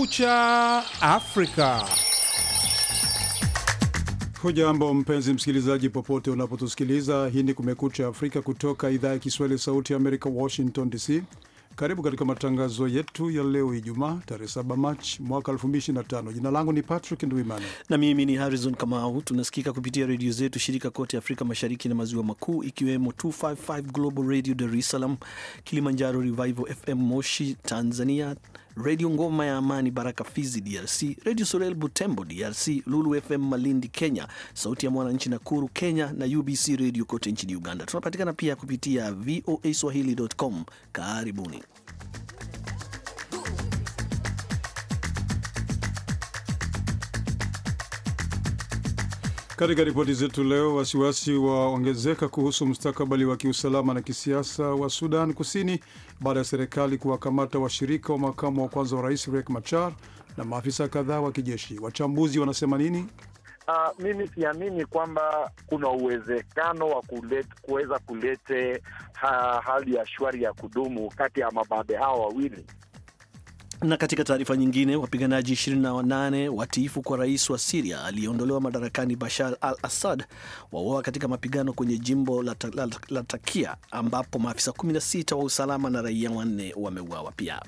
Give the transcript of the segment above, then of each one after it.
Kumekucha Afrika. Hujambo mpenzi msikilizaji, popote unapotusikiliza. Hii ni Kumekucha Afrika kutoka idhaa ya Kiswahili, Sauti ya Amerika, Washington DC. Karibu katika matangazo yetu ya leo Ijumaa, tarehe 7 Machi mwaka 2025. Jina langu ni Patrick Ndwimana na mimi ni Harrison Kamau. Tunasikika kupitia redio zetu shirika kote Afrika Mashariki na Maziwa Makuu, ikiwemo 255 Global Radio Dar es Salaam, Kilimanjaro Revival FM Moshi Tanzania, Redio Ngoma ya Amani Baraka Fizi DRC, Redio Sorel Butembo DRC, Lulu FM Malindi Kenya, Sauti ya Mwananchi Nakuru Kenya na UBC redio kote nchini Uganda. Tunapatikana pia kupitia voa swahili.com. Karibuni. Katika ripoti zetu leo, wasiwasi waongezeka kuhusu mustakabali wa kiusalama na kisiasa wa Sudan Kusini baada ya serikali kuwakamata washirika wa makamu wa kwanza wa rais rek Machar na maafisa kadhaa wa kijeshi. Wachambuzi wanasema nini? Uh, mimi siamini kwamba kuna uwezekano wa kuweza kulete ha, hali ya shwari ya kudumu kati ya mababe hao wawili. Na katika taarifa nyingine, wapiganaji 28 watiifu kwa rais wa Siria aliyeondolewa madarakani Bashar al Assad wauawa katika mapigano kwenye jimbo la, la, la, la Takia ambapo maafisa 16 wa usalama na raia wanne wameuawa pia.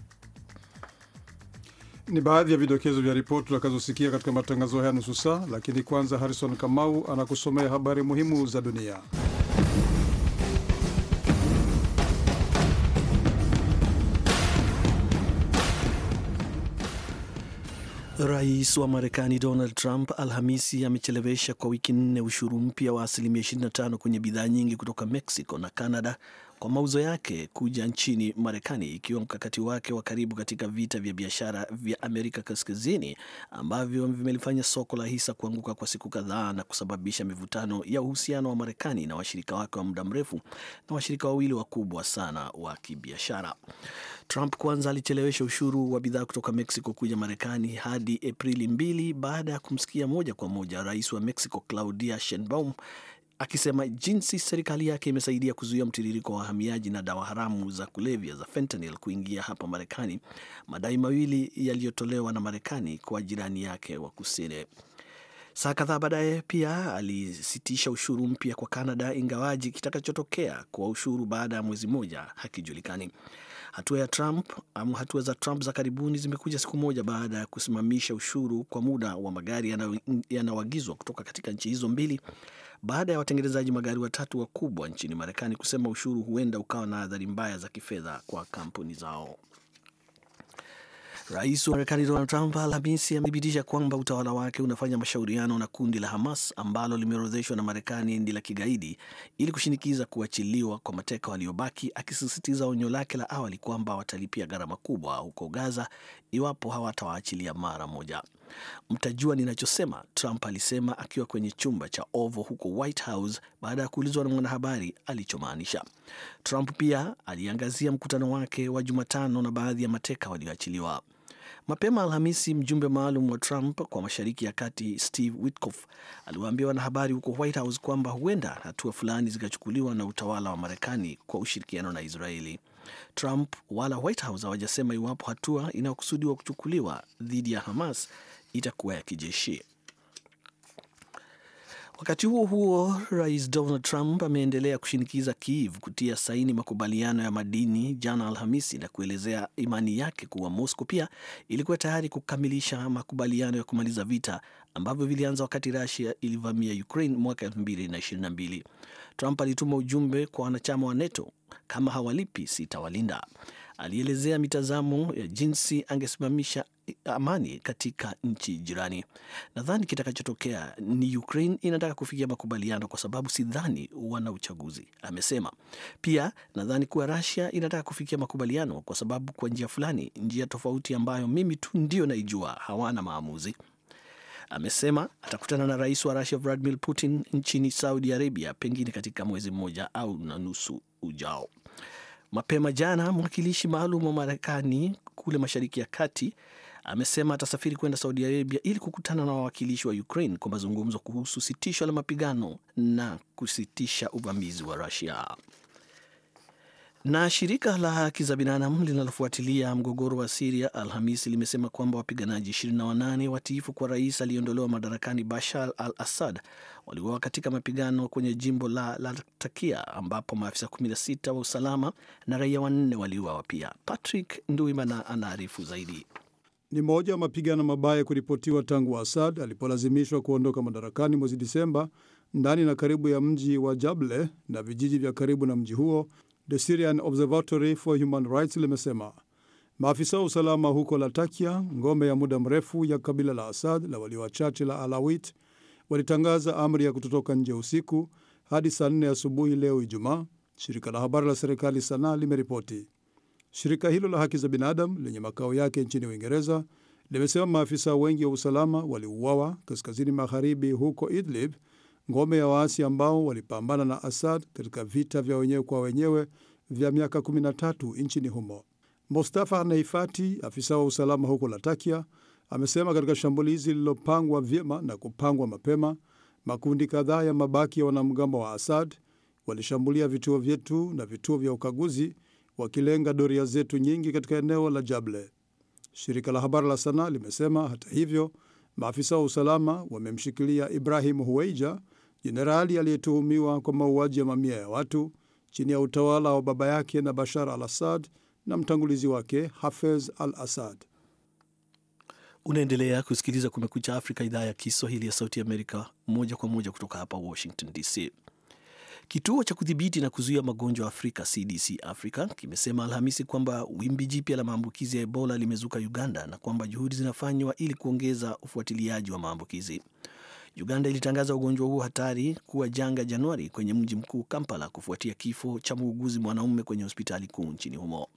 Ni baadhi ya vidokezo vya ripoti utakazosikia katika matangazo haya nusu saa, lakini kwanza Harrison Kamau anakusomea habari muhimu za dunia. Rais wa Marekani Donald Trump Alhamisi amechelewesha kwa wiki nne ushuru mpya wa asilimia 25 kwenye bidhaa nyingi kutoka Mexico na Canada kwa mauzo yake kuja nchini Marekani, ikiwa mkakati wake wa karibu katika vita vya biashara vya Amerika Kaskazini ambavyo vimelifanya soko la hisa kuanguka kwa siku kadhaa na kusababisha mivutano ya uhusiano wa Marekani na washirika wake wa muda mrefu na washirika wawili wakubwa sana wa kibiashara. Trump kwanza alichelewesha ushuru wa bidhaa kutoka Mexico kuja Marekani hadi Aprili mbili baada ya kumsikia moja kwa moja rais wa Mexico Claudia Sheinbaum akisema jinsi serikali yake imesaidia kuzuia mtiririko wa wahamiaji na dawa haramu za kulevya za fentanyl kuingia hapa Marekani, madai mawili yaliyotolewa na Marekani kwa jirani yake wa kusini. Saa kadhaa baadaye pia alisitisha ushuru mpya kwa Canada, ingawaji kitakachotokea kwa ushuru baada ya mwezi mmoja hakijulikani. Hatua ya Trump au hatua za Trump za karibuni zimekuja siku moja baada ya kusimamisha ushuru kwa muda wa magari yanayoagizwa kutoka katika nchi hizo mbili baada ya watengenezaji magari watatu wakubwa nchini Marekani kusema ushuru huenda ukawa na athari mbaya za kifedha kwa kampuni zao. Rais wa Marekani Donald Trump Alhamisi amethibitisha kwamba utawala wake unafanya mashauriano na kundi la Hamas ambalo limeorodheshwa na Marekani ni la kigaidi ili kushinikiza kuachiliwa kwa mateka waliobaki, akisisitiza onyo lake la awali kwamba watalipia gharama kubwa huko Gaza iwapo hawatawaachilia mara moja. Mtajua ninachosema, Trump alisema akiwa kwenye chumba cha Oval huko White House baada ya kuulizwa na mwanahabari alichomaanisha. Trump pia aliangazia mkutano wake wa Jumatano na baadhi ya mateka walioachiliwa. Mapema Alhamisi, mjumbe maalum wa Trump kwa mashariki ya kati Steve Witkoff aliwaambia wanahabari huko White House kwamba huenda hatua fulani zikachukuliwa na utawala wa Marekani kwa ushirikiano na Israeli. Trump wala White House hawajasema iwapo hatua inayokusudiwa kuchukuliwa dhidi ya Hamas itakuwa ya kijeshi. Wakati huo huo, rais Donald Trump ameendelea kushinikiza Kiev kutia saini makubaliano ya madini jana Alhamisi na kuelezea imani yake kuwa Moscow pia ilikuwa tayari kukamilisha makubaliano ya kumaliza vita ambavyo vilianza wakati Russia ilivamia Ukraine mwaka 2022. Trump alituma ujumbe kwa wanachama wa NATO, kama hawalipi sitawalinda. Alielezea mitazamo ya jinsi angesimamisha amani katika nchi jirani. Nadhani kitakachotokea ni Ukraine inataka kufikia makubaliano, kwa sababu sidhani wana uchaguzi, amesema. Pia nadhani kuwa Russia inataka kufikia makubaliano, kwa sababu kwa njia fulani, njia tofauti ambayo mimi tu ndio naijua, hawana maamuzi Amesema atakutana na rais wa Rusia Vladimir Putin nchini Saudi Arabia, pengine katika mwezi mmoja au na nusu ujao. Mapema jana, mwakilishi maalum wa Marekani kule Mashariki ya Kati amesema atasafiri kwenda Saudi Arabia ili kukutana na wawakilishi wa Ukraine kwa mazungumzo kuhusu sitisho la mapigano na kusitisha uvamizi wa Rusia. Na shirika la haki za binadamu linalofuatilia mgogoro wa Siria Alhamisi limesema kwamba wapiganaji 28 watiifu kwa rais aliyeondolewa madarakani Bashar al Assad waliuawa katika mapigano kwenye jimbo la Latakia ambapo maafisa 16 wa usalama na raia wanne waliuawa pia. Patrick Nduimana anaarifu zaidi ni moja ya mapigano mabaya kuripotiwa tangu Asad alipolazimishwa kuondoka madarakani mwezi Disemba ndani na karibu ya mji wa Jable na vijiji vya karibu na mji huo, The Syrian Observatory for Human Rights limesema. Maafisa wa usalama huko Latakia, ngome ya muda mrefu ya kabila la Asad la walio wachache la Alawit, walitangaza amri ya kutotoka nje usiku hadi saa nne asubuhi leo Ijumaa, shirika la habari la serikali Sanaa limeripoti. Shirika hilo la haki za binadamu lenye makao yake nchini Uingereza limesema maafisa wengi wa usalama waliuawa kaskazini magharibi huko Idlib, ngome ya waasi ambao walipambana na Assad katika vita vya wenyewe kwa wenyewe vya miaka 13 nchini humo. Mustafa Neifati, afisa wa usalama huko Latakia, amesema katika shambulizi lililopangwa vyema na kupangwa mapema, makundi kadhaa ya mabaki ya wanamgambo wa Assad walishambulia vituo vyetu na vituo vya ukaguzi wakilenga doria zetu nyingi katika eneo la Jable. Shirika la habari la sana limesema hata hivyo, maafisa wa usalama wamemshikilia Ibrahim Huweija, jenerali aliyetuhumiwa kwa mauaji ya mamia ya watu chini ya utawala wa baba yake na Bashar al Assad na mtangulizi wake Hafez al Assad. Unaendelea kusikiliza Kumekucha Afrika, idhaa ya Kiswahili ya Sauti Amerika, moja kwa moja kutoka hapa Washington DC. Kituo cha kudhibiti na kuzuia magonjwa Afrika CDC Africa kimesema Alhamisi kwamba wimbi jipya la maambukizi ya Ebola limezuka Uganda na kwamba juhudi zinafanywa ili kuongeza ufuatiliaji wa maambukizi. Uganda ilitangaza ugonjwa huo hatari kuwa janga Januari kwenye mji mkuu Kampala, kufuatia kifo cha muuguzi mwanaume kwenye hospitali kuu nchini humo.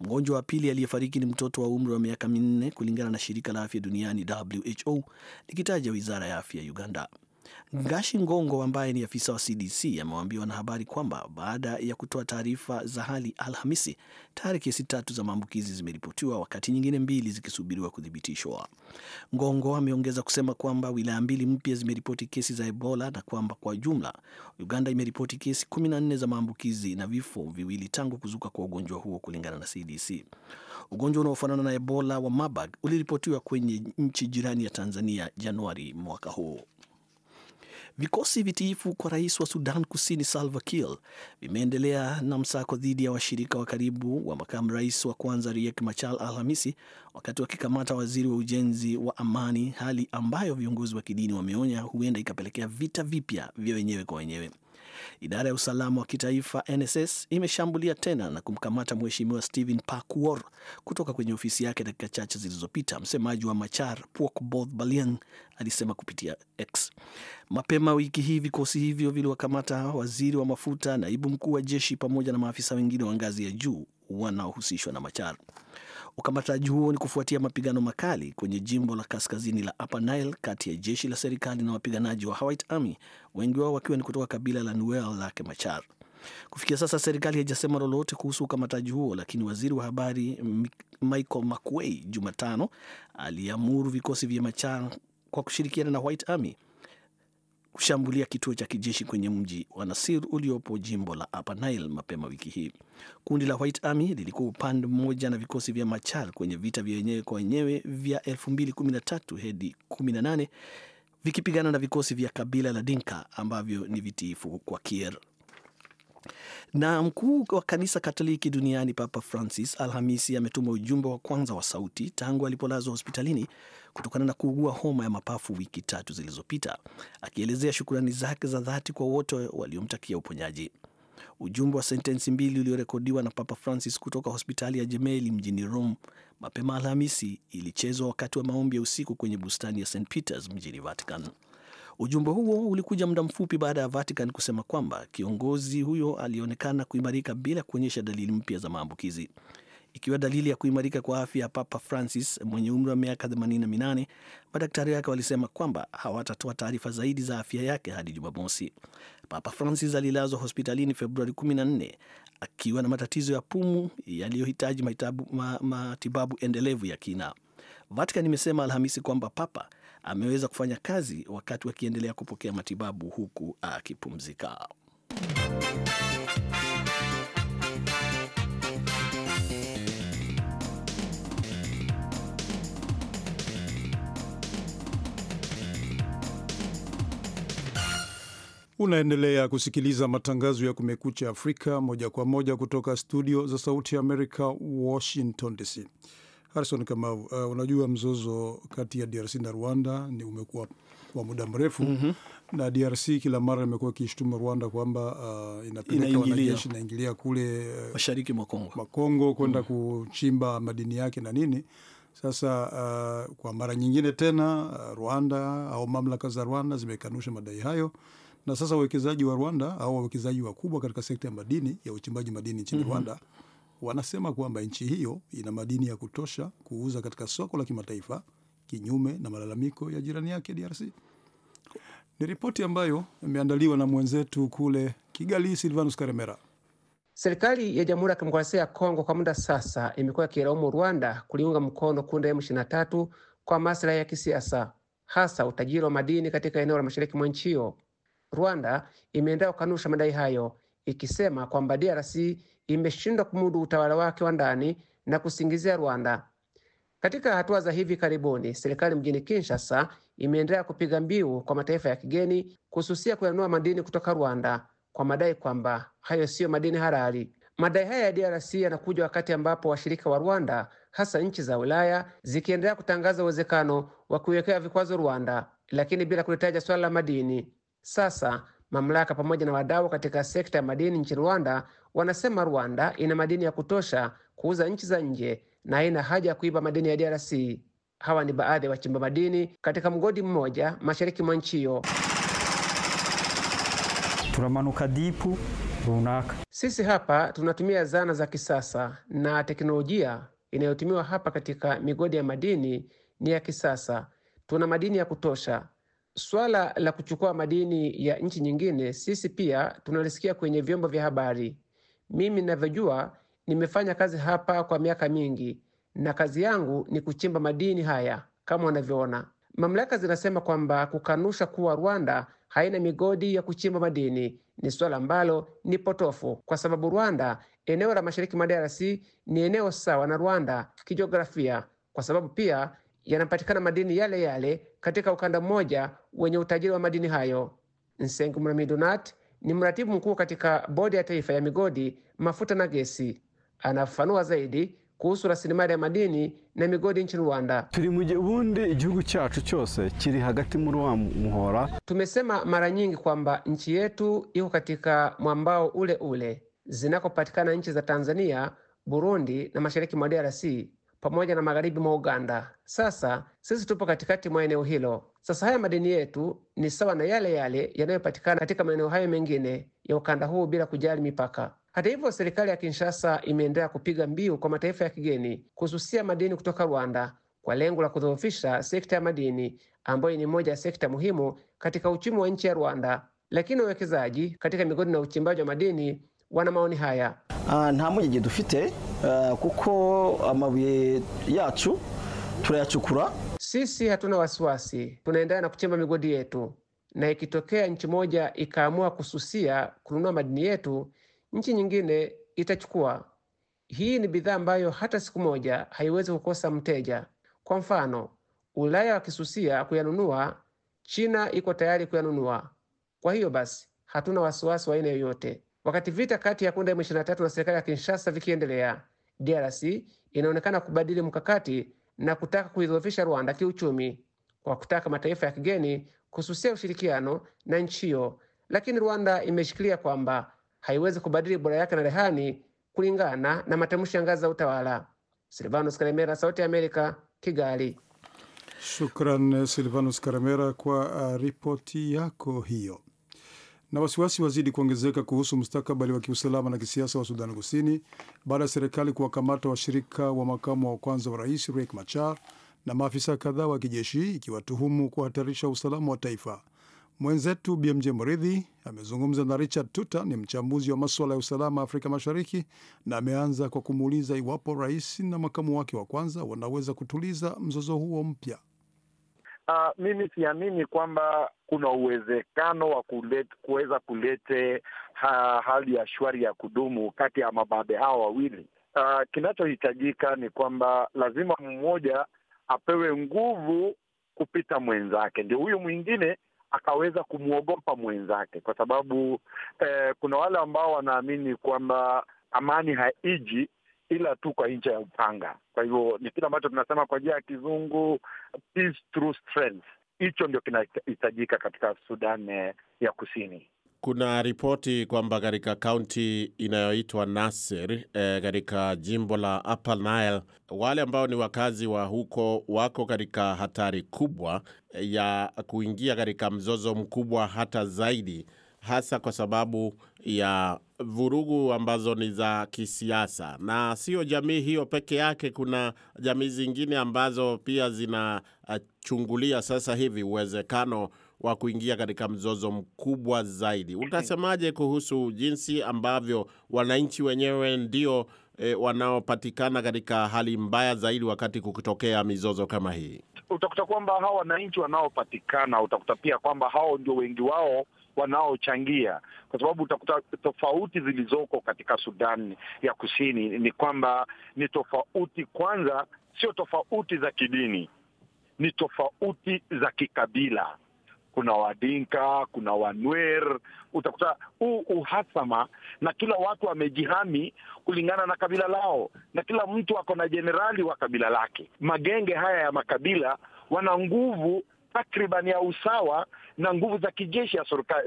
Mgonjwa wa pili aliyefariki ni mtoto wa umri wa miaka minne, kulingana na shirika la afya duniani WHO likitaja wizara ya afya ya Uganda. Ngashi Ngongo ambaye ni afisa wa CDC amewaambia wanahabari kwamba baada ya kutoa taarifa za hali Alhamisi, tayari kesi tatu za maambukizi zimeripotiwa wakati nyingine mbili zikisubiriwa kuthibitishwa. Ngongo ameongeza kusema kwamba wilaya mbili mpya zimeripoti kesi za Ebola na kwamba kwa jumla Uganda imeripoti kesi kumi na nne za maambukizi na vifo viwili tangu kuzuka kwa ugonjwa huo, kulingana na CDC. Ugonjwa unaofanana na Ebola wa Marburg uliripotiwa kwenye nchi jirani ya Tanzania Januari mwaka huu. Vikosi vitiifu kwa rais wa Sudan Kusini Salva Kiir vimeendelea na msako dhidi ya washirika wa karibu wa makamu rais wa kwanza Riek Machar Alhamisi, wakati wakikamata waziri wa ujenzi wa amani, hali ambayo viongozi wa kidini wameonya huenda ikapelekea vita vipya vya wenyewe kwa wenyewe. Idara ya usalama wa kitaifa NSS imeshambulia tena na kumkamata mheshimiwa Stephen Pakuor kutoka kwenye ofisi yake dakika chache zilizopita. Msemaji wa Machar Both balian alisema kupitia X. Mapema wiki hii vikosi hivyo viliwakamata waziri wa mafuta, naibu mkuu wa jeshi pamoja na maafisa wengine wa ngazi ya juu wanaohusishwa na Machar. Ukamataji huo ni kufuatia mapigano makali kwenye jimbo la kaskazini la Upper Nile kati ya jeshi la serikali na wapiganaji wa White Army, wengi wao wakiwa ni kutoka kabila la Nuer lake Machar. Kufikia sasa serikali haijasema lolote kuhusu ukamataji huo, lakini waziri wa habari Michael Makuei Jumatano aliamuru vikosi vya Machar kwa kushirikiana na White Army kushambulia kituo cha kijeshi kwenye mji wa Nasir uliopo jimbo la Upper Nile mapema wiki hii. Kundi la White Army lilikuwa upande mmoja na vikosi vya Machar kwenye vita vya wenyewe kwa wenyewe vya 2013 hadi 18 vikipigana na vikosi vya kabila la Dinka ambavyo ni vitiifu kwa Kier. Na mkuu wa kanisa Katoliki duniani Papa Francis Alhamisi ametuma ujumbe wa kwanza wa sauti tangu alipolazwa hospitalini kutokana na kuugua homa ya mapafu wiki tatu zilizopita, akielezea shukurani zake za dhati kwa wote waliomtakia uponyaji. Ujumbe wa sentensi mbili uliorekodiwa na Papa Francis kutoka hospitali ya Jemeli mjini Rome mapema Alhamisi ilichezwa wakati wa maombi ya usiku kwenye bustani ya St Peters mjini Vatican. Ujumbe huo ulikuja muda mfupi baada ya Vatican kusema kwamba kiongozi huyo alionekana kuimarika bila kuonyesha dalili mpya za maambukizi, ikiwa dalili ya kuimarika kwa afya ya Papa Francis mwenye umri wa miaka 88. Madaktari wake walisema kwamba hawatatoa taarifa zaidi za afya yake hadi Jumamosi. Papa Francis alilazwa hospitalini Februari 14 akiwa na matatizo ya pumu yaliyohitaji matibabu endelevu ya kina. Vatican imesema Alhamisi kwamba Papa ameweza kufanya kazi wakati wakiendelea kupokea matibabu huku akipumzika. Unaendelea kusikiliza matangazo ya Kumekucha Afrika moja kwa moja kutoka studio za Sauti ya Amerika, Washington DC. Harison Kamau, uh, unajua mzozo kati ya DRC na Rwanda ni umekuwa wa muda mrefu mm -hmm. na DRC kila mara imekuwa ikishtuma Rwanda kwamba uh, inapeleka wanajeshi naingilia kule uh, mashariki mwa Kongo, Makongo kwenda mm -hmm. kuchimba madini yake na nini. Sasa uh, kwa mara nyingine tena uh, Rwanda au mamlaka za Rwanda zimekanusha madai hayo na sasa wawekezaji wa Rwanda au wawekezaji wakubwa katika sekta ya madini ya uchimbaji madini nchini mm -hmm. Rwanda wanasema kwamba nchi hiyo ina madini ya kutosha kuuza katika soko la kimataifa, kinyume na malalamiko ya jirani yake DRC. Ni ripoti ambayo imeandaliwa na mwenzetu kule Kigali, Silvanus Karemera. Serikali ya Jamhuri ya Kidemokrasia ya Kongo kwa muda sasa imekuwa ikilaumu Rwanda kuliunga mkono kundi la M23 kwa maslahi ya kisiasa, hasa utajiri wa madini katika eneo la mashariki mwa nchi hiyo. Rwanda imeendelea kukanusha madai hayo ikisema kwamba DRC imeshindwa kumudu utawala wake wa ndani na kusingizia Rwanda. Katika hatua za hivi karibuni, serikali mjini Kinshasa imeendelea kupiga mbiu kwa mataifa ya kigeni kususia kuyanua madini kutoka Rwanda kwa madai kwamba hayo siyo madini halali. Madai haya ya DRC yanakuja wakati ambapo washirika wa Rwanda, hasa nchi za Ulaya, zikiendelea kutangaza uwezekano wa kuiwekea vikwazo Rwanda, lakini bila kulitaja swala la madini. Sasa Mamlaka pamoja na wadau katika sekta ya madini nchini Rwanda wanasema Rwanda ina madini ya kutosha kuuza nchi za nje na haina haja ya kuiba madini ya DRC. Hawa ni baadhi ya wachimba madini katika mgodi mmoja mashariki mwa nchi hiyo. Turamanuka dipu runaka. Sisi hapa tunatumia zana za kisasa na teknolojia inayotumiwa hapa katika migodi ya madini ni ya kisasa. Tuna madini ya kutosha Swala la kuchukua madini ya nchi nyingine sisi pia tunalisikia kwenye vyombo vya habari. Mimi ninavyojua, nimefanya kazi hapa kwa miaka mingi na kazi yangu ni kuchimba madini haya kama wanavyoona Mamlaka zinasema kwamba kukanusha kuwa Rwanda haina migodi ya kuchimba madini ni swala ambalo ni potofu, kwa sababu Rwanda, eneo la mashariki mwa DRC ni eneo sawa na Rwanda kijiografia, kwa sababu pia yanapatikana madini yale yale katika ukanda mmoja wenye utajiri wa madini hayo. Nseng donat ni mratibu mkuu katika bodi ya taifa ya migodi, mafuta na gesi. Anafafanua zaidi kuhusu rasilimali ya madini na migodi nchini Rwanda. turi mu gihundi igihugu cyacu kiri hagati muri wa muhora. Tumesema mara nyingi kwamba nchi yetu iko katika mwambao ule ule zinakopatikana nchi za Tanzania, Burundi na mashariki mwa DRC pamoja na magharibi mwa Uganda. Sasa sisi tupo katikati mwa eneo hilo. Sasa haya madini yetu ni sawa na yale yale yanayopatikana katika maeneo hayo mengine ya ukanda huu bila kujali mipaka. Hata hivyo, serikali ya Kinshasa imeendelea kupiga mbiu kwa mataifa ya kigeni kususia madini kutoka Rwanda kwa lengo la kudhoofisha sekta ya madini ambayo ni moja ya sekta muhimu katika uchumi wa nchi ya Rwanda. Lakini wawekezaji katika migodi na uchimbaji wa madini wana maoni haya ah, nta mpungenge dufite ah, kuko amabuye yacu turayacukura sisi hatuna wasiwasi tunaendana na kuchimba migodi yetu na ikitokea nchi moja ikaamua kususia kununua madini yetu nchi nyingine itachukua hii ni bidhaa ambayo hata siku moja haiwezi kukosa mteja kwa mfano ulaya wakisusia kuyanunua china iko tayari kuyanunua kwa hiyo basi hatuna wasiwasi wa aina yoyote Wakati vita kati ya kundi la M23 na serikali ya Kinshasa vikiendelea, DRC inaonekana kubadili mkakati na kutaka kuidhoofisha Rwanda kiuchumi kwa kutaka mataifa ya kigeni kususia ushirikiano na nchi hiyo, lakini Rwanda imeshikilia kwamba haiwezi kubadili bora yake na rehani kulingana na matamshi ya ngazi za utawala. Silvanus Karemera, Sauti ya Amerika, Kigali. Shukran Silvanus Karemera kwa uh, ripoti yako hiyo na wasiwasi wazidi kuongezeka kuhusu mustakabali wa kiusalama na kisiasa wa Sudan Kusini baada ya serikali kuwakamata washirika wa makamu wa kwanza wa rais Riek Machar na maafisa kadhaa wa kijeshi ikiwatuhumu kuhatarisha usalama wa taifa. Mwenzetu BMJ Mridhi amezungumza na Richard Tuta, ni mchambuzi wa maswala ya usalama Afrika Mashariki, na ameanza kwa kumuuliza iwapo rais na makamu wake wa kwanza wanaweza kutuliza mzozo huo mpya. Uh, mimi siamini kwamba kuna uwezekano wa kuweza kulete ha, hali ya shwari ya kudumu kati ya mababe hawa wawili. Uh, kinachohitajika ni kwamba lazima mmoja apewe nguvu kupita mwenzake, ndio huyu mwingine akaweza kumwogopa mwenzake, kwa sababu eh, kuna wale ambao wanaamini kwamba amani haiji ila tu kwa ncha ya upanga. Kwa hivyo ni kile ambacho tunasema kwa njia ya kizungu peace through strength. Hicho ndio kinahitajika katika Sudan eh, ya Kusini. Kuna ripoti kwamba katika kaunti inayoitwa Nasir eh, katika e, jimbo la Upper Nile wale ambao ni wakazi wa huko wako katika hatari kubwa eh, ya kuingia katika mzozo mkubwa hata zaidi hasa kwa sababu ya vurugu ambazo ni za kisiasa, na sio jamii hiyo peke yake. Kuna jamii zingine ambazo pia zinachungulia sasa hivi uwezekano wa kuingia katika mzozo mkubwa zaidi. Mm-hmm. Utasemaje kuhusu jinsi ambavyo wananchi wenyewe ndio e, wanaopatikana katika hali mbaya zaidi wakati kukitokea mizozo kama hii? Utakuta kwamba hawa wananchi wanaopatikana, utakuta pia kwamba hao ndio wengi wao wanaochangia, kwa sababu utakuta tofauti zilizoko katika Sudan ya Kusini ni kwamba ni tofauti kwanza, sio tofauti za kidini, ni tofauti za kikabila. Kuna Wadinka, kuna Wanwer. Utakuta huu uhasama, na kila watu wamejihami kulingana na kabila lao, na kila mtu ako na jenerali wa kabila lake. Magenge haya ya makabila wana nguvu takriban ya usawa na nguvu za kijeshi ya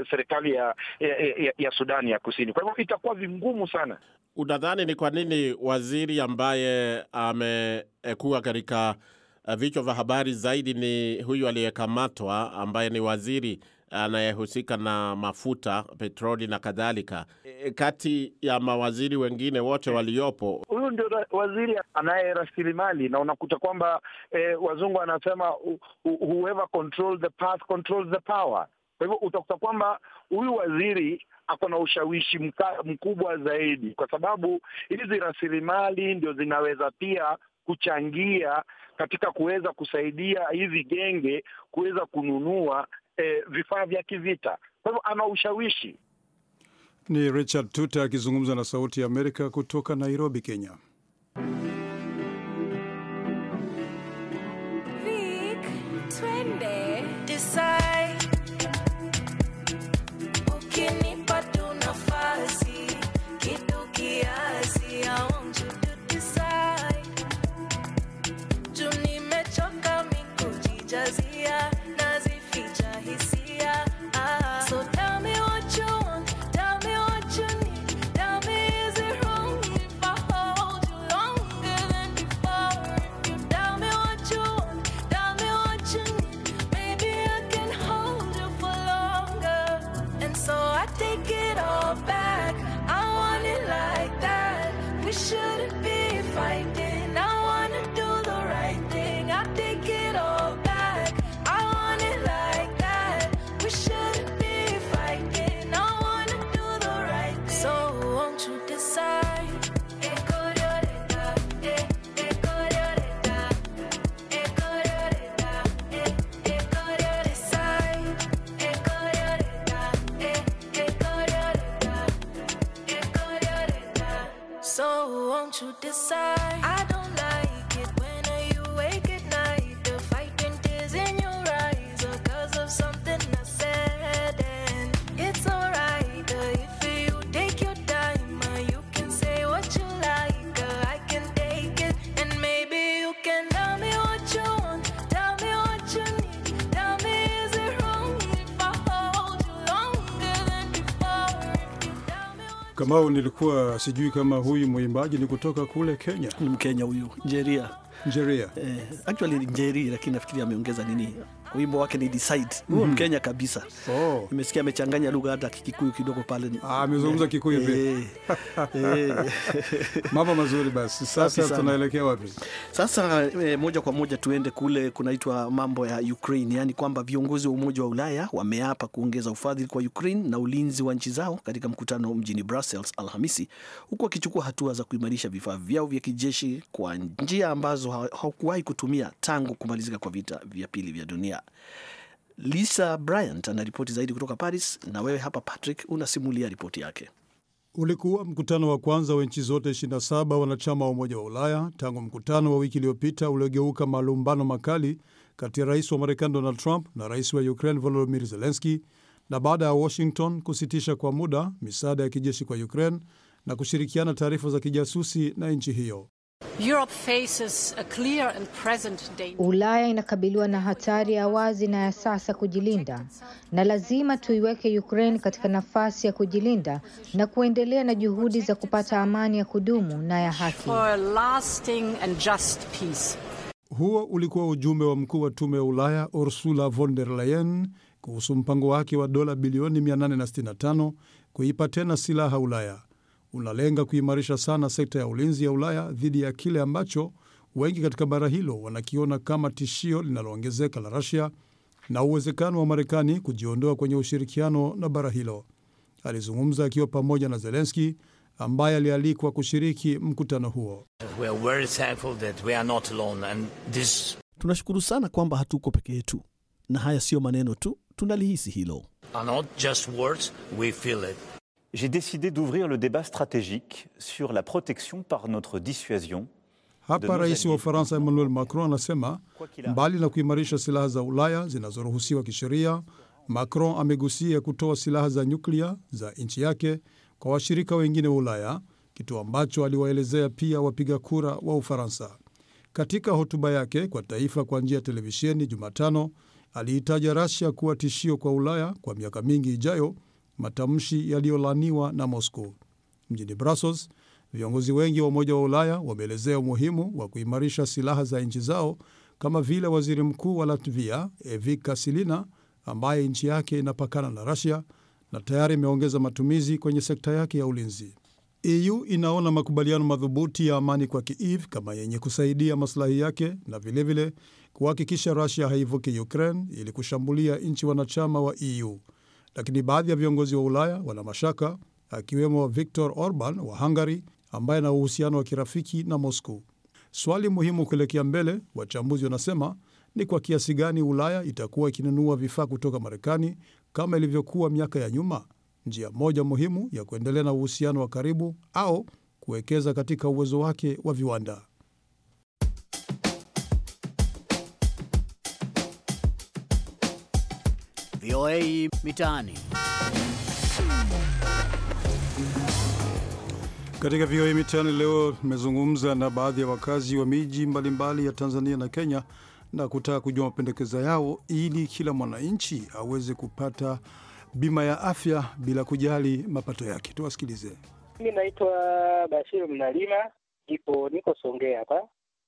serikali ya, ya, ya, ya Sudani ya Kusini. Kwa hivyo itakuwa vingumu sana. Unadhani ni kwa nini waziri ambaye amekuwa katika eh, vichwa vya habari zaidi ni huyu aliyekamatwa ambaye ni waziri anayehusika na mafuta, petroli na kadhalika, e, e, kati ya mawaziri wengine wote waliopo. Huyu ndio waziri anaye rasilimali, na unakuta kwamba eh, wazungu anasema whoever the path controls the power. Kwa hivyo utakuta kwamba huyu waziri ako na ushawishi mkubwa zaidi, kwa sababu hizi rasilimali ndio zinaweza pia kuchangia katika kuweza kusaidia hizi genge kuweza kununua e, vifaa vya kivita. Kwa hivyo ana ushawishi. Ni Richard Tute akizungumza na Sauti ya Amerika kutoka Nairobi, Kenya. So won't you decide? I don't like Kamau, nilikuwa sijui kama huyu mwimbaji ni kutoka kule Kenya. Ni Mkenya huyu, Njeria. Njeria. Eh, actually Njeri, lakini nafikiri ameongeza nini wimbo wake ni Decide. -hmm. Mkenya kabisa. Oh. Nimesikia amechanganya lugha hata Kikuyu kidogo pale. Ah, amezungumza Kikuyu pia. Eh. eh. Mambo mazuri basi. Sasa tunaelekea wapi? Sasa e, moja kwa moja tuende kule kunaitwa mambo ya Ukraine, yani kwamba viongozi wa Umoja wa Ulaya wameapa kuongeza ufadhili kwa Ukraine na ulinzi wa nchi zao katika mkutano mjini Brussels Alhamisi, huku wakichukua hatua za kuimarisha vifaa vyao vya kijeshi kwa njia ambazo hawakuwahi kutumia tangu kumalizika kwa vita vya pili vya dunia. Lisa Bryant anaripoti zaidi kutoka Paris, na wewe hapa Patrick unasimulia ripoti yake. Ulikuwa mkutano wa kwanza wa nchi zote 27 wanachama wa Umoja wa Ulaya tangu mkutano wa wiki iliyopita uliogeuka malumbano makali kati ya rais wa Marekani Donald Trump na rais wa Ukraine volodimir zelenski na baada ya Washington kusitisha kwa muda misaada ya kijeshi kwa Ukraine na kushirikiana taarifa za kijasusi na nchi hiyo. Ulaya inakabiliwa na hatari ya wazi na ya sasa kujilinda, na lazima tuiweke Ukraine katika nafasi ya kujilinda na kuendelea na juhudi za kupata amani ya kudumu na ya haki. Huo ulikuwa ujumbe wa mkuu wa tume ya Ulaya Ursula von der Leyen kuhusu mpango wake wa dola bilioni 865 kuipa tena silaha Ulaya unalenga kuimarisha sana sekta ya ulinzi ya Ulaya dhidi ya kile ambacho wengi katika bara hilo wanakiona kama tishio linaloongezeka la rasia na uwezekano wa Marekani kujiondoa kwenye ushirikiano na bara hilo. Alizungumza akiwa pamoja na Zelenski ambaye alialikwa kushiriki mkutano huo. This... tunashukuru sana kwamba hatuko peke yetu, na haya siyo maneno tu, tunalihisi hilo j'ai décidé d'ouvrir le débat stratégique sur la protection par notre dissuasion. Hapa rais wa Ufaransa Emmanuel Macron anasema mbali na kuimarisha silaha za Ulaya zinazoruhusiwa kisheria, Macron amegusia kutoa silaha za nyuklia za nchi yake kwa washirika wengine wa Ulaya, kitu ambacho aliwaelezea pia wapiga kura wa Ufaransa. Katika hotuba yake kwa taifa kwa njia ya televisheni Jumatano, aliitaja Rasia kuwa tishio kwa Ulaya kwa miaka mingi ijayo matamshi yaliyolaniwa na Moscow. Mjini Brussels, viongozi wengi wa Umoja wa Ulaya wameelezea umuhimu wa kuimarisha silaha za nchi zao kama vile waziri mkuu wa Latvia Evika Silina ambaye nchi yake inapakana na rasia na tayari imeongeza matumizi kwenye sekta yake ya ulinzi. EU inaona makubaliano madhubuti ya amani kwa Kiev kama yenye kusaidia maslahi yake na vilevile kuhakikisha rasia haivuki Ukraine ili kushambulia nchi wanachama wa EU lakini baadhi ya viongozi wa Ulaya wana mashaka, akiwemo Viktor Orban wa Hungary ambaye ana uhusiano wa kirafiki na Moscow. Swali muhimu kuelekea mbele, wachambuzi wanasema ni kwa kiasi gani Ulaya itakuwa ikinunua vifaa kutoka Marekani kama ilivyokuwa miaka ya nyuma. Njia moja muhimu ya kuendelea na uhusiano wa karibu au kuwekeza katika uwezo wake wa viwanda. VOA Mitaani. Katika VOA Mitaani leo tumezungumza na baadhi ya wakazi wa miji mbalimbali ya Tanzania na Kenya na kutaka kujua mapendekezo yao ili kila mwananchi aweze kupata bima ya afya bila kujali mapato yake. Tuwasikilize. Mi naitwa Bashiru Mnalima, niko niko Songea hapa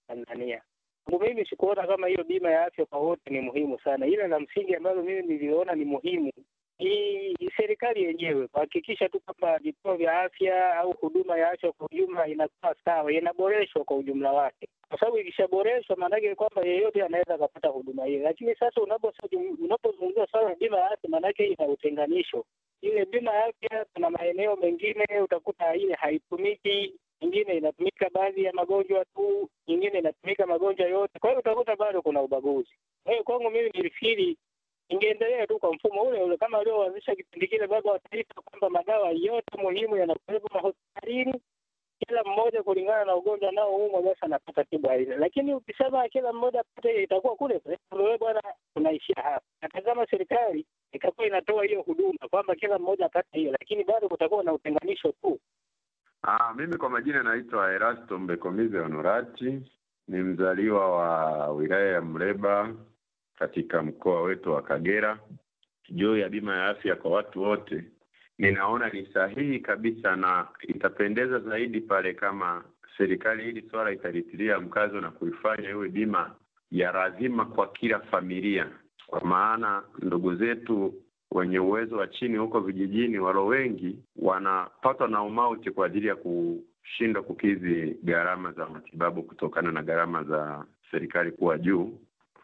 Tanzania. Kwangu mimi sikuona kama hiyo bima ya afya kwa wote ni muhimu sana, ila la msingi ambalo mimi niliona ni muhimu ni serikali yenyewe kuhakikisha tu kwamba vituo vya afya au huduma ya afya kwa ujumla inakuwa sawa, inaboreshwa kwa ujumla wake, kwa sababu ikishaboreshwa, maanake kwamba yeyote anaweza akapata huduma hiyo. Lakini sasa unapozungumzia swala la bima ya afya, maanake ina utenganisho ile bima ya afya. Kuna maeneo mengine utakuta ile haitumiki nyingine inatumika baadhi ya magonjwa tu, nyingine inatumika magonjwa yote. Kwa hiyo utakuta bado kuna ubaguzi. Kwa hiyo kwangu mimi nilifikiri ingeendelea tu kwa mfumo ule ule kama walioanzisha kipindi kile Baba wa Taifa, kwamba madawa yote muhimu yanakuwepo mahospitalini, kila mmoja kulingana na ugonjwa nao umo, basi anapata tiba ile. Lakini ukisema kila mmoja apate ile, itakuwa kule kule bwana, unaishia hapa. Natazama serikali ikakuwa inatoa hiyo huduma kwamba kila mmoja apate hiyo, lakini bado kutakuwa na utenganisho tu Aa, ah, mimi kwa majina naitwa Erasto Mbekomize Honorati, ni mzaliwa wa wilaya ya Mreba katika mkoa wetu wa Kagera. Juu ya bima ya afya kwa watu wote, ninaona ni sahihi kabisa na itapendeza zaidi pale kama serikali hili swala italitilia mkazo na kuifanya iwe bima ya lazima kwa kila familia, kwa maana ndugu zetu wenye uwezo wa chini huko vijijini, walo wengi wanapatwa na umauti kwa ajili ya kushindwa kukidhi gharama za matibabu kutokana na gharama za serikali kuwa juu.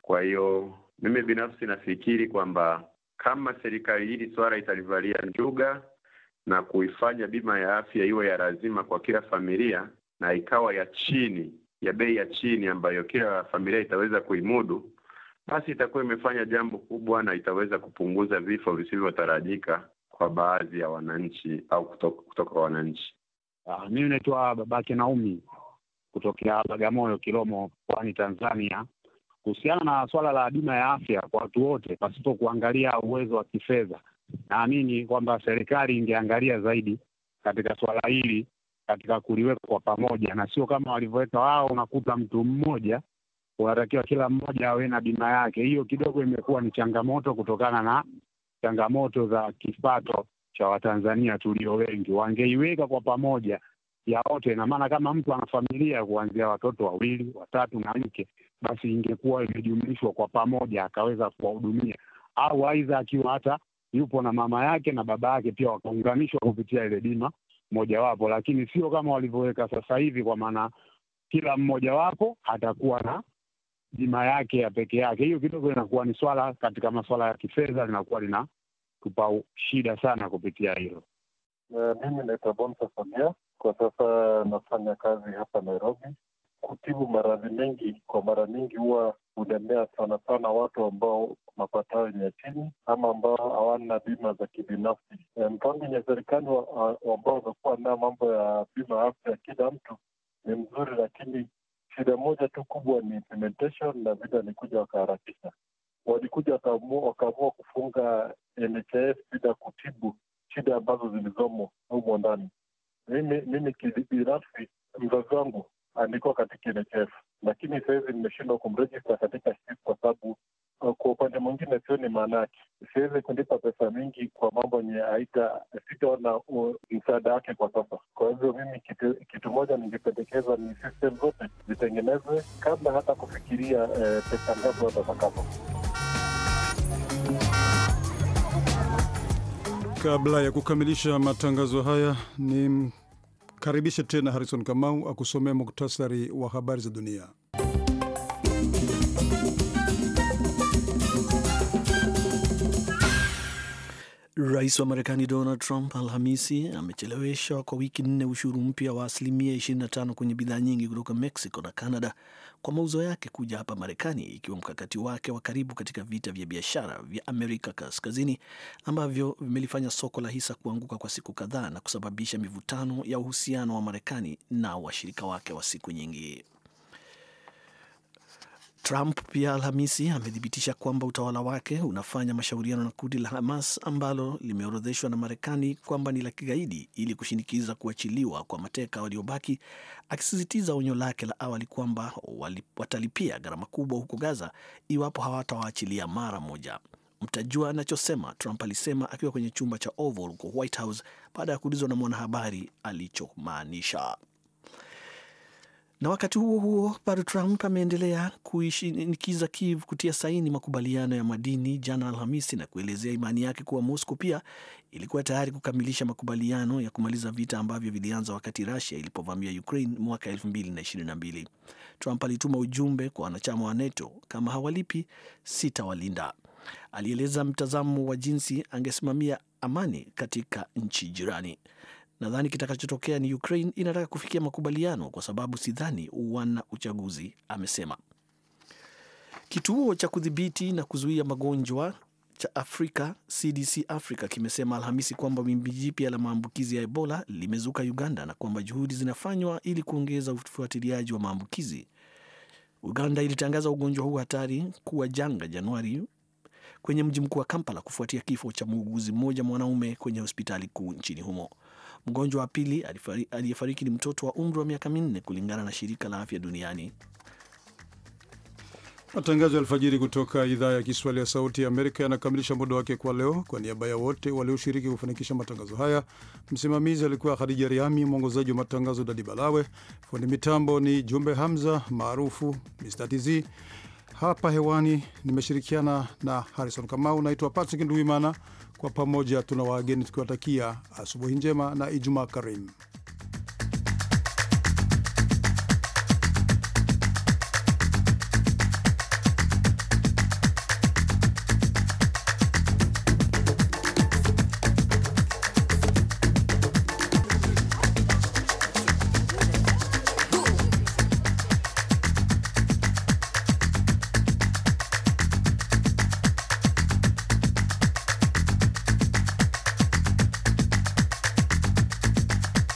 Kwa hiyo mimi binafsi nafikiri kwamba kama serikali hili swala italivalia njuga na kuifanya bima ya afya iwe ya lazima kwa kila familia na ikawa ya chini ya bei ya chini ambayo kila familia itaweza kuimudu, basi itakuwa imefanya jambo kubwa na itaweza kupunguza vifo visivyotarajika kwa baadhi ya wananchi au kutoka, kutoka wananchi. Uh, mimi naitwa Babake Naumi kutokea Bagamoyo, Kilomo, Pwani, Tanzania. Kuhusiana na swala la bima ya afya kwa watu wote pasipo kuangalia uwezo wa kifedha, naamini kwamba serikali ingeangalia zaidi katika swala hili katika kuliweka kwa pamoja, na sio kama walivyoweka wao, unakuta mtu mmoja unatakiwa kila mmoja awe na bima yake. Hiyo kidogo imekuwa ni changamoto kutokana na changamoto za kipato cha Watanzania tulio wengi. Wangeiweka kwa pamoja ya wote, na maana kama mtu ana familia kuanzia watoto wawili watatu na mke, basi ingekuwa imejumlishwa kwa pamoja, akaweza kuwahudumia, au aidha akiwa hata yupo na mama yake na baba yake, pia wakaunganishwa kupitia ile bima mojawapo, lakini sio kama walivyoweka sasa hivi, kwa maana kila mmoja wapo atakuwa na bima yake ya peke yake. Hiyo kidogo inakuwa ni swala katika masuala ya kifedha linakuwa linatupa shida sana kupitia hilo. Eh, mimi naitwa Bonsa Samia, kwa sasa nafanya kazi hapa Nairobi kutibu maradhi mengi. Kwa mara nyingi huwa hulemea sana sana watu ambao mapato yao ni ya chini ama ambao hawana bima za kibinafsi. Eh, Mpango wenye serikali ambao wamekuwa nao mambo ya bima ya afya ya kila mtu ni mzuri, lakini shida moja tu kubwa ni implementation, na vile walikuja wakaharakisha, walikuja wakaamua kufunga NHIF bila kutibu shida ambazo zilizomo humo ndani. Mimi mimi mzazi wangu alikuwa katika NHIF, lakini sahizi nimeshindwa kumrejista katika SHIF kwa sababu uh, kwa upande mwingine sioni maana yake. Siwezi kulipa pesa mingi kwa mambo yenye aita sitaona uh, msaada wake kwa sasa. Kwa hivyo mimi kitu, kitu moja ningependekeza ni system zote zitengenezwe kabla hata kufikiria eh, pesa ngapi watu Kabla ya kukamilisha matangazo haya, ni karibishe tena harison Kamau akusomea muktasari wa habari za dunia. Rais wa Marekani Donald Trump Alhamisi amechelewesha kwa wiki nne ushuru mpya wa asilimia 25 kwenye bidhaa nyingi kutoka Mexico na Canada kwa mauzo yake kuja hapa Marekani, ikiwa mkakati wake wa karibu katika vita vya biashara vya Amerika Kaskazini ambavyo vimelifanya soko la hisa kuanguka kwa siku kadhaa na kusababisha mivutano ya uhusiano wa Marekani na washirika wake wa siku nyingi. Trump pia Alhamisi amethibitisha kwamba utawala wake unafanya mashauriano na kundi la Hamas ambalo limeorodheshwa na Marekani kwamba ni la kigaidi ili kushinikiza kuachiliwa kwa mateka waliobaki, akisisitiza onyo lake la awali kwamba watalipia gharama kubwa huko Gaza iwapo hawatawaachilia mara moja. Mtajua anachosema, Trump alisema akiwa kwenye chumba cha Oval huko White House baada ya kuulizwa na mwanahabari alichomaanisha. Na wakati huo huo, bado Trump ameendelea kuishinikiza Kiev kutia saini makubaliano ya madini jana Alhamisi, na kuelezea imani yake kuwa Moscow pia ilikuwa tayari kukamilisha makubaliano ya kumaliza vita ambavyo vilianza wakati Russia ilipovamia Ukraine mwaka 2022. Trump alituma ujumbe kwa wanachama wa NATO, kama hawalipi sitawalinda. Alieleza mtazamo wa jinsi angesimamia amani katika nchi jirani. Nadhani kitakachotokea ni Ukraine inataka kufikia makubaliano, kwa sababu sidhani wana uchaguzi, amesema. Kituo cha kudhibiti na kuzuia magonjwa cha Afrika CDC Africa kimesema Alhamisi kwamba wimbi jipya la maambukizi ya Ebola limezuka Uganda na kwamba juhudi zinafanywa ili kuongeza ufuatiliaji wa maambukizi. Uganda ilitangaza ugonjwa huu hatari kuwa janga Januari kwenye mji mkuu wa Kampala kufuatia kifo cha muuguzi mmoja mwanaume kwenye hospitali kuu nchini humo. Mgonjwa wa pili aliyefariki ni mtoto wa umri wa miaka minne kulingana na shirika la afya duniani. Matangazo ya alfajiri kutoka idhaa ya Kiswahili ya Sauti ya Amerika yanakamilisha muda wake kwa leo. Kwa niaba ya wote walioshiriki kufanikisha matangazo haya, msimamizi alikuwa Khadija Riami, mwongozaji wa matangazo Dadi Balawe, fundi mitambo ni Jumbe Hamza maarufu Mr TZ hapa hewani. Nimeshirikiana na Harrison Kamau, naitwa Patrick Nduimana. Kwa pamoja tuna wageni tukiwatakia asubuhi njema na Ijumaa karimu.